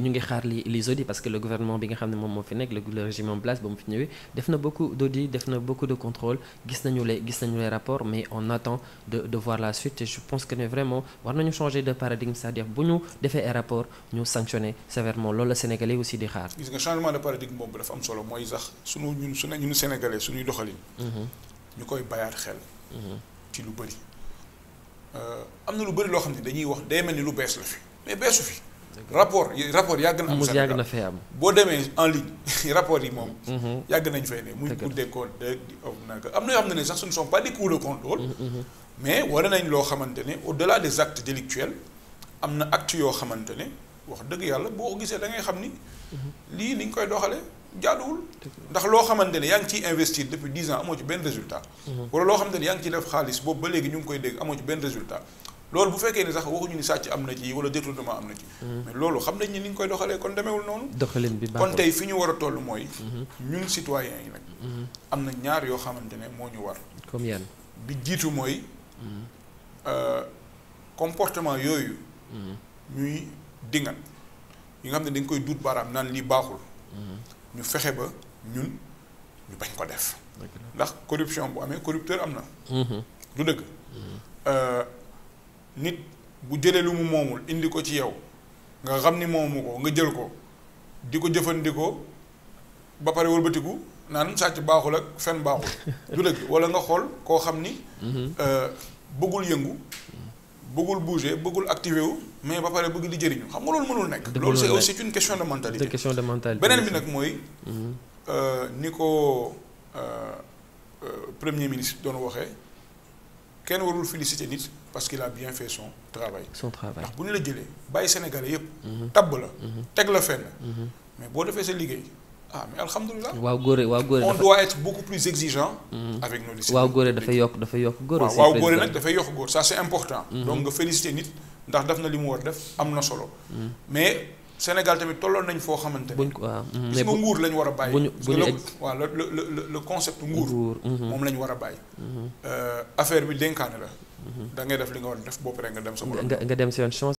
ñu ngi xaar li les audits parce que le gouvernement bi nga xam ne moom moo fi nekk le régime en ba mu fi ñëwee def na beaucoup d'audits def na beaucoup de contrôle gis nañu les gis mais on attend de voir la suite et pense que ne vraiment war nañu changer de paradigme cest bu ñu defee ay rapport ñu sanctionner sévèrement loolu la sénégalais aussi di xaar. gis nga changement de paradigme boobu dafa am solo mooy sax sunu ñun su ñun doxalin. Mm-hmm. rapport yi rapport yàgg na am. yàgg na fee am boo demee en ligne rapport yi moom. Mm-hmm. yàgg nañ fay ne muy Cour des comptes di OFNAC sax ce ne sont pas des cours de contrôle. Mm-hmm, mm-hmm. mais war loo xamante ne au delà des actes délictuels am na actes yoo xamante ne wax dëgg yàlla boo ko gisee da ngay xam ni. lii ni ñu koy doxalee jaaduwul. ndax loo xamante ne yaa ngi ciy investir depuis dix ans amoo ci benn résultat. wala loo xamante ne yaa def xaalis boobu ba léegi ñu ngi koy dégg amoo ci benn résultat. loolu bu fekkee ni sax waxuñu ni sàcc am na ci wala détournement am na ci. Mm-hmm. mais loolu xam nañ ni ni ñu koy doxalee kon demeewul noonu. doxalin bi kon tey fi ñu war a toll mooy. Mm-hmm. ñun citoyen yi nag. Mm-hmm. am na ñaar yoo xamante ne moo ñu war. comme yan bi jiitu mooy. Euh, comportement yooyu. ñuy dingan yi nga xam ne dañ koy duut baaraam naan lii baaxul. ñu fexe ba ñun ñu bañ ko def. ndax corruption bu amee corrupteur am na. du dëgg. Euh, nit bu jëlee lu mu moomul indi ko ci yow nga xam ni moomu ko nga jël ko di ko jëfandikoo ba pare wëlbatiku naan sàcc baaxul ak fen baaxul du dëgg wala nga xool koo xam ni mm-hmm. euh, bëggul yëngu bëggul bouger bëggul activé wu mais ba pare bëgg di jëriñu xam nga loolu mënul nekk loolu c'est aussi une question de mentalité question de mentalité beneen bi nag mooy mm-hmm. euh, ni ko euh, premier ministre doon waxee kenn warul féliciter nit parce qu'il a bien fait son travail. son travail ndax bu ñu la jëlee bàyyi Sénégalais yëpp. Mhm. tabb la mhm. teg la fenn. Mhm. mais boo defee sa liggéey. ah mais alhamdulilah waaw góore waaw góore on doit être beaucoup plus exigeant. avec nos dafa yokk dafa yokk góor aussi waaw góore nag dafay yokk góor ça c'est important. donc nga féliciter nit ndax daf na li mu war def am na solo. mais Sénégal tamit tolloon nañu foo xamante buñ ne. gis nga nguur lañu war a bàyyi. bu ñu bu ñu waaw le le le concept nguur. Mhm. moom lañ war a bàyyi. Mhm. Euh, affaire bi dénkaane la. Mhm. da ngay def li nga war a def bopp rek nga dem sa borom. nga dem seen chance.